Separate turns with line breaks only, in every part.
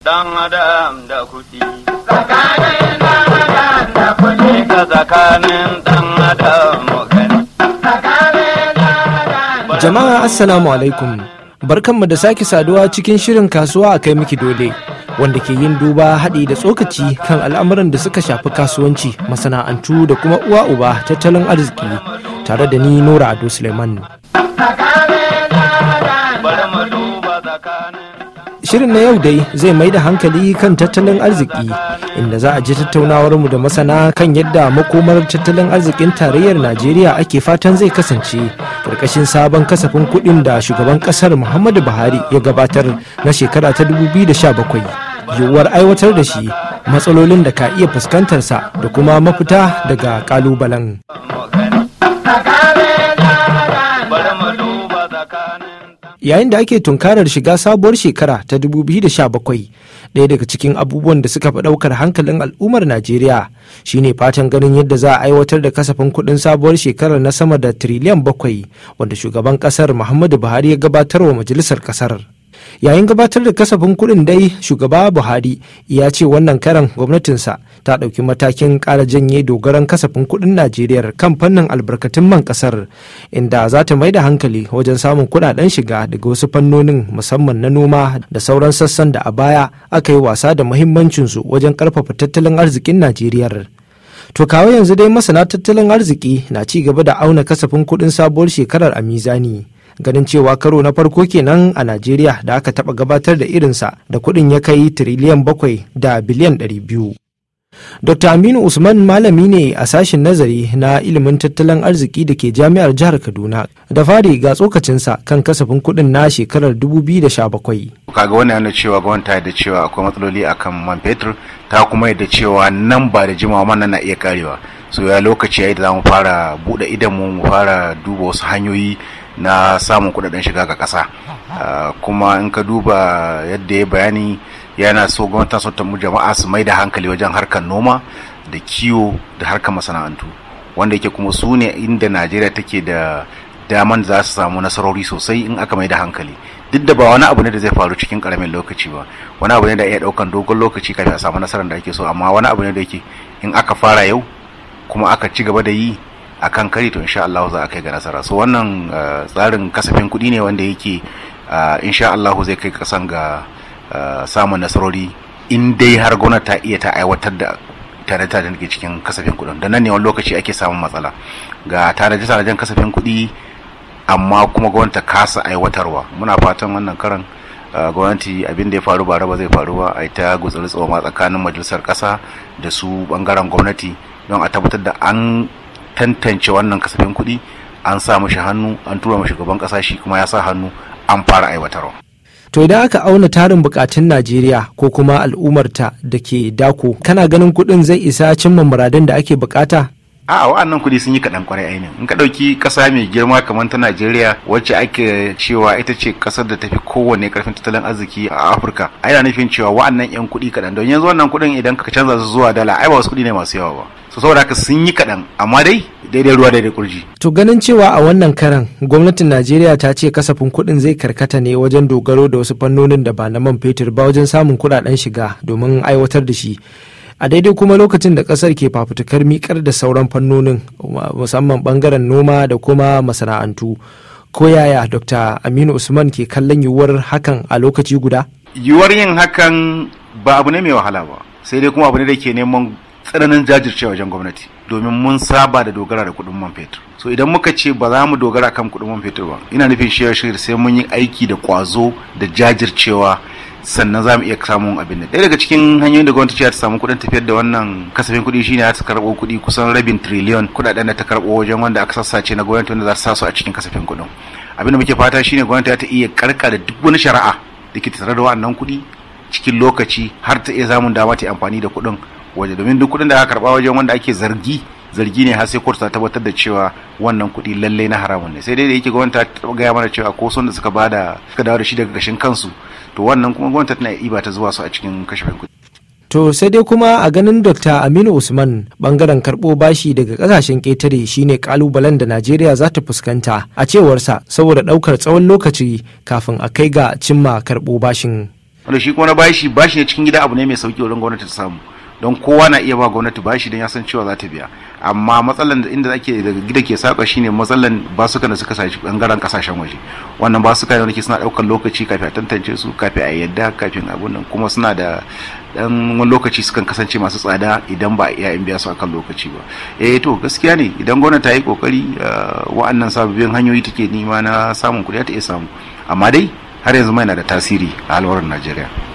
Dan adam da kuɗi. Tsakanin dan da kuɗi. Ka tsakanin dan adam
Jama'a Assalamu alaikum. Barkanmu da sake saduwa cikin shirin kasuwa a kai miki dole. Wanda ke yin duba haɗi da tsokaci kan al'amuran da suka shafi kasuwanci, masana'antu da kuma uwa uba tattalin arziki tare da ni Nura Ado Suleiman. Shirin na yau dai zai mai da hankali kan tattalin arziki inda za a ji tattaunawarmu da masana kan yadda makomar tattalin arzikin tarayyar Najeriya ake fatan zai kasance karkashin sabon kasafin kuɗin da shugaban ƙasar Muhammadu Buhari ya gabatar na shekara ta 2017. Yiwuwar aiwatar da shi matsalolin da ka iya fuskantarsa da kuma mafita daga ƙalubalen. yayin da ake tunkarar shiga sabuwar shekara ta 2017 ɗaya daga cikin abubuwan da suka fi ɗaukar hankalin al'ummar najeriya shine fatan ganin yadda za a aiwatar da kasafin kuɗin sabuwar shekarar na sama da tiriliyan bakwai wanda shugaban ƙasar muhammadu buhari ya gabatar wa majalisar ƙasar yayin gabatar da kasafin kuɗin dai shugaba buhari ya ce wannan karan gwamnatinsa ta ɗauki matakin kara janye dogaran kasafin kuɗin najeriya kan fannin albarkatun man ƙasar inda za ta mai da hankali wajen samun kuɗaɗen shiga daga wasu fannonin musamman na noma da sauran sassan da a baya aka yi wasa da muhimmancinsu wajen karfafa tattalin arzikin najeriya To kawo yanzu dai masana tattalin arziki na ci gaba da auna kasafin kuɗin sabuwar shekarar a mizani. ganin cewa karo na farko kenan a najeriya da aka taba gabatar da irinsa da kuɗin ya kai tiriliyan bakwai da biliyan ɗari biyu dr aminu usman malami ne a sashen nazari na ilimin tattalin arziki da ke jami'ar jihar kaduna da fari ga tsokacinsa kan kasafin kuɗin na shekarar 2017
kaga wannan yana cewa gwamnati ta da cewa akwai matsaloli akan man fetur ta kuma yadda cewa nan ba da jimawa mana na iya karewa so ya lokaci yi da za mu fara buɗe idanmu mu fara duba wasu hanyoyi na samun kudaden shiga ga kasa ah, kuma in ka duba yadda ya bayani yana so gwamnati so ta jama'a su mai da hankali wajen harkar noma da kiwo da harkar masana'antu wanda yake kuma su ne inda najeriya take da daman za su samu nasarori sosai in aka mai da hankali duk da ba wani abu ne da zai faru cikin karamin lokaci ba wani abu ne da iya daukan dogon lokaci kafin a samu nasarar da ake so amma wani abu ne da yake in aka fara yau kuma aka ci gaba da yi a kan kari to insha Allah za a kai ga nasara so wannan eh, tsarin kasafin kuɗi ne wanda yake eh, insha Allah zai kai kasan ga eh, samun nasarori in dai har gwamnati ta iya ta aiwatar da tare-tare da cikin kasafin kuɗin da nan ne wani lokaci ake samun matsala ga tanaje-tanajen kasafin kuɗi amma kuma gwamnati ta kasa aiwatarwa muna fatan wannan karan gwamnati abin da ya faru ba raba zai faru ba a ta gutsuri tsoma tsakanin majalisar ƙasa da su bangaren gwamnati don a tabbatar da an tantance wannan kasafin kuɗi an sa mashi hannu an tura mashi gaban ƙasa shi kuma ya sa hannu an fara aiwatarwa.
To idan aka auna tarin bukatun Najeriya ko kuma al'ummarta da ke dako, kana ganin kuɗin zai isa cimma muradun da ake bukata?
a wa'annan kudi sun yi kaɗan kwarai ainihin in ka ɗauki ƙasa mai girma kamar ta najeriya wacce ake cewa ita ce ƙasar da tafi kowane ƙarfin tattalin arziki a afirka yana nufin cewa wa'annan yan kuɗi kaɗan don yanzu wannan kuɗin idan ka canza su zuwa dala ai ba wasu kuɗi ne masu yawa ba su saboda haka sun yi kaɗan amma dai daidai ruwa daidai kurji.
to ganin cewa a wannan karan gwamnatin najeriya ta ce kasafin kuɗin zai karkata ne wajen dogaro da wasu fannonin da ba na man fetur ba wajen samun kuɗaɗen shiga domin aiwatar da shi a daidai kuma lokacin da kasar ke fafutukar mikar da sauran fannonin musamman bangaren noma da kuma masana'antu ko yaya dr aminu usman ke kallon yiwuwar hakan a lokaci guda
yiwuwar yin hakan ba abu ne mai wahala ba sai dai kuma abu ne da ke neman tsananin jajircewa wajen gwamnati domin mun saba da dogara da kudin man fetur so idan muka ce ba za mu dogara kan kudin man fetur ba ina nufin shirye shir sai mun yi aiki da kwazo da jajircewa sannan za mu iya samun abin da ɗaya daga cikin hanyoyin da gwamnati ta samu kuɗin tafiyar da wannan kasafin kuɗi shine ta karɓo kuɗi kusan rabin triliyon kuɗaɗen da ta karɓo wajen wanda aka sassace na gwamnati wanda za su sa su a cikin kasafin kuɗin abin da muke fata shine gwamnati ta iya karka da duk wani shari'a da ke tattare da wannan kuɗi cikin lokaci har ta iya samun dama ta amfani da kuɗin waje domin duk kuɗin da aka karɓa wajen wanda ake zargi zargi ne har sai kotu ta tabbatar da cewa wannan kuɗi lallai na haramun ne sai dai da yake gwamnati ta gaya mana cewa ko sun da suka bada suka dawo da shi daga gashin kansu to wannan kuma gwamnati tana iba ta zuwa su a cikin kashe kuɗi
To sai dai kuma a ganin Dr. Aminu Usman bangaren karɓo bashi daga ƙasashen ƙetare shine ƙalubalen da Najeriya za ta fuskanta a cewarsa saboda ɗaukar tsawon lokaci kafin a kai ga cimma karɓo bashin.
Wanda shi kuma na bashi bashi ne cikin gida abu ne mai sauki wajen gwamnati ta samu. don kowa na iya ba gwamnati bashi don ya san cewa za ta biya amma matsalan da inda ake daga gida ke saka shine matsalan su da suka sashi bangaren kasashen waje wannan basuka wani wanda suna daukar lokaci kafin a tantance su kafin a yadda kafin abun nan kuma suna da dan wani lokaci sukan kasance masu tsada idan ba iya in biya su akan lokaci ba eh to gaskiya ne idan gwamnati ta yi kokari ah, wa'annan sababbin hanyoyi take nima na samun kuɗi ta iya samu amma dai har yanzu mai na da tasiri a alwarin Najeriya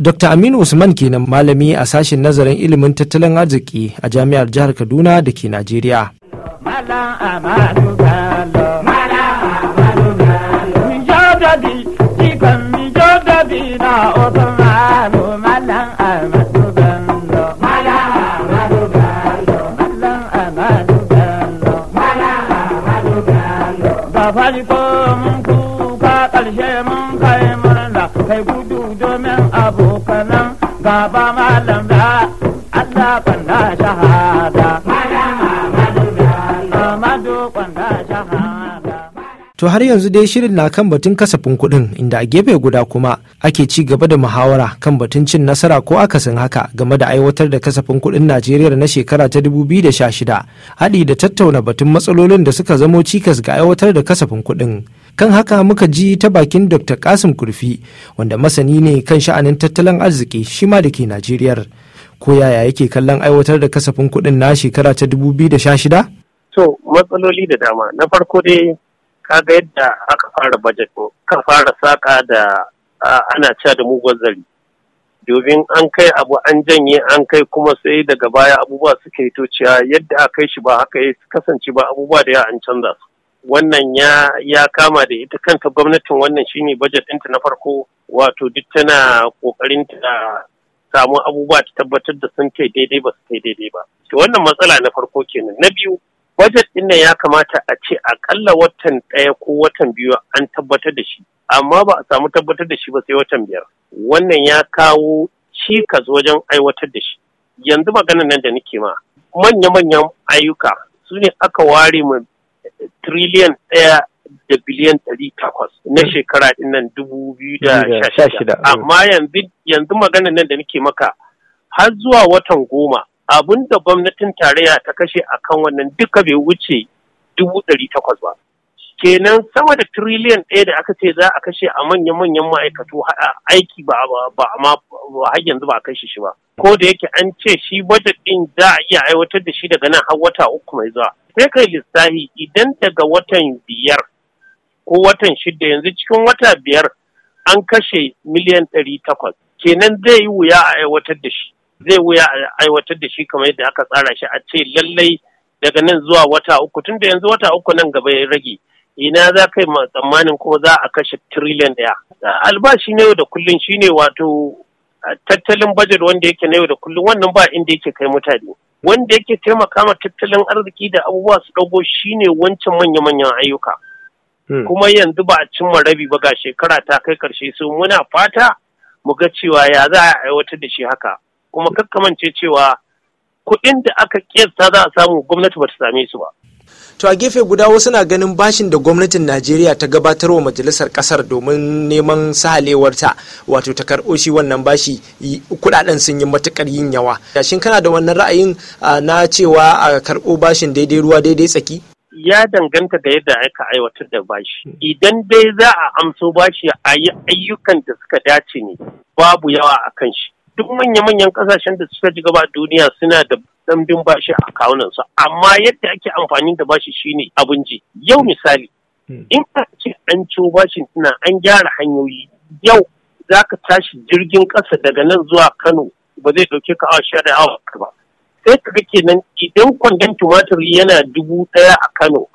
Dr. Aminu Usman kenan malami a sashen nazarin ilimin tattalin arziki a jami'ar jihar Kaduna da ke Najeriya. mala,
bye ba
To har yanzu dai shirin na kan batun kasafin kuɗin inda a gefe guda kuma ake ci gaba da muhawara kan batun cin nasara ko akasin haka game da aiwatar da kasafin kuɗin Najeriya na shekara ta 2016 haɗi da tattauna batun matsalolin da suka zamo cikas ga aiwatar da kasafin kuɗin. kan haka muka ji ta bakin dr kasim kurfi wanda masani ne kan sha'anin tattalin arziki shi ma da ke najeriya ko yaya yake kallon aiwatar da kasafin kuɗin na shekara ta dubu 2016
So, matsaloli da dama na farko dai kaga yadda aka fara bajet ka fara saka da ana cewa da mugun zari domin an kai abu an janye an kai kuma sai daga baya abubuwa suke to yadda aka yi shi ba haka ya kasance ba abubuwa da ya an canza su wannan ya ya kama da ita kanta gwamnatin wannan shine bajet ɗinta na farko wato duk tana kokarin ta samu abubuwa ta tabbatar da sun kai daidai ba su kai daidai ba. To wannan matsala na farko kenan. Na biyu, bajet ɗin ya kamata a ce akalla watan ɗaya ko watan biyu an tabbatar da shi, amma ba a samu tabbatar da shi ba sai watan biyar. Wannan ya kawo cikas wajen aiwatar da shi. Yanzu maganan nan da nake ma, manya-manyan ayyuka su ne aka ware mu triliyan ɗaya da biliyan ɗari takwas na shekara ɗin nan dubu biyu da sha shida. Mm. Amma yanzu maganar nan da nake maka har zuwa watan goma abin gwamnatin tarayya ta kashe akan wannan duka bai wuce dubu ɗari takwas ba. kenan sama da triliyan ɗaya da aka ce za a kashe a manya-manyan ma'aikatu aiki ba ma har yanzu ba a kashe shi ba ko da yake an ce shi budget ɗin za a iya aiwatar da shi daga nan har wata uku mai zuwa sai kai lissafi idan daga watan biyar ko watan shida yanzu cikin wata biyar an kashe miliyan ɗari takwas kenan zai yi wuya a aiwatar da shi zai wuya a aiwatar da shi kamar yadda aka tsara shi a ce lallai daga nan zuwa wata uku tunda yanzu wata uku nan gaba ya rage ina za ka ma tsammanin kuma za a kashe tiriliyan daya Albashi na yau da kullum shine wato tattalin bajet wanda yake na yau da kullum wannan ba inda yake kai mutane. Wanda yake taimaka ma tattalin arziki da abubuwa su ɗago shine wancan manya-manyan ayyuka. Hmm. Kuma yanzu ba a cimma rabi ba ga shekara ta kai karshe su muna fata mu ga cewa ya za a aiwatar da shi haka. Kuma kakkamance cewa kuɗin da aka ƙesa za a samu gwamnati ba ta same su ba.
to a gefe guda wasu na ganin bashin da gwamnatin najeriya ta gabatar wa majalisar kasar domin neman sahalewarta wato ta karɓo shi wannan bashi kuɗaɗen sun yi matuƙar yin yawa yashin kana da wannan ra'ayin na cewa a karɓo bashin daidai ruwa daidai tsaki
ya danganta da yadda aka aiwatar da bashi idan dai za a amso bashi a yi ayyukan da suka dace ne babu yawa a kan shi duk manya-manyan kasashen da suka ji gaba duniya suna da dambin bashi a kawunansa amma yadda ake amfani da bashi shine abinci yau misali hmm. in ka ce an ciwo bashin ina an gyara hanyoyi yau za ka tashi jirgin ƙasa daga nan zuwa kano ba zai ɗauke ka awa sha da awa ba sai ka ga kenan idan kwandon tumatir yana dubu ɗaya a kano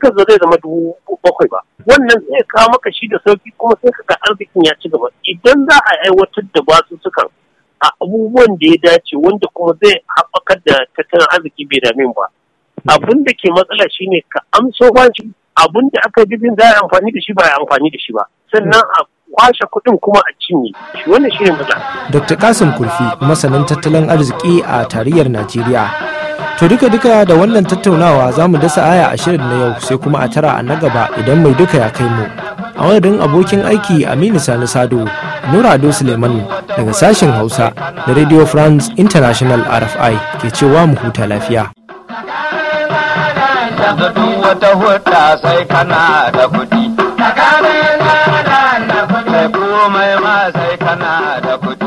ka zo zai zama dubu bakwai ba. Wannan zai kawo maka shi da sauki kuma sai ka ga arzikin ya ci gaba. Idan za a aiwatar da basu sukan a abubuwan da ya dace wanda kuma zai haɓakar da tattalin arziki bai dame ba hmm. abin da ke matsala shine ka amso shi abin da aka jibin za a amfani da shi ba a amfani da shi ba sannan a kwashe kuɗin kuma a cinye shi wannan shine matsala.
Dr. Kasim Kurfi masanin tattalin arziki a tarayyar Najeriya To duka-duka da wannan tattaunawa za mu dasa aya a shirin na yau sai kuma a tara a na gaba idan mai duka ya kai mu. a wadadin abokin aiki aminu sani sado nura ado suleiman daga sashen hausa da radio france international rfi ke cewa mu huta lafiya
da kana kuɗi. Komai kuɗi.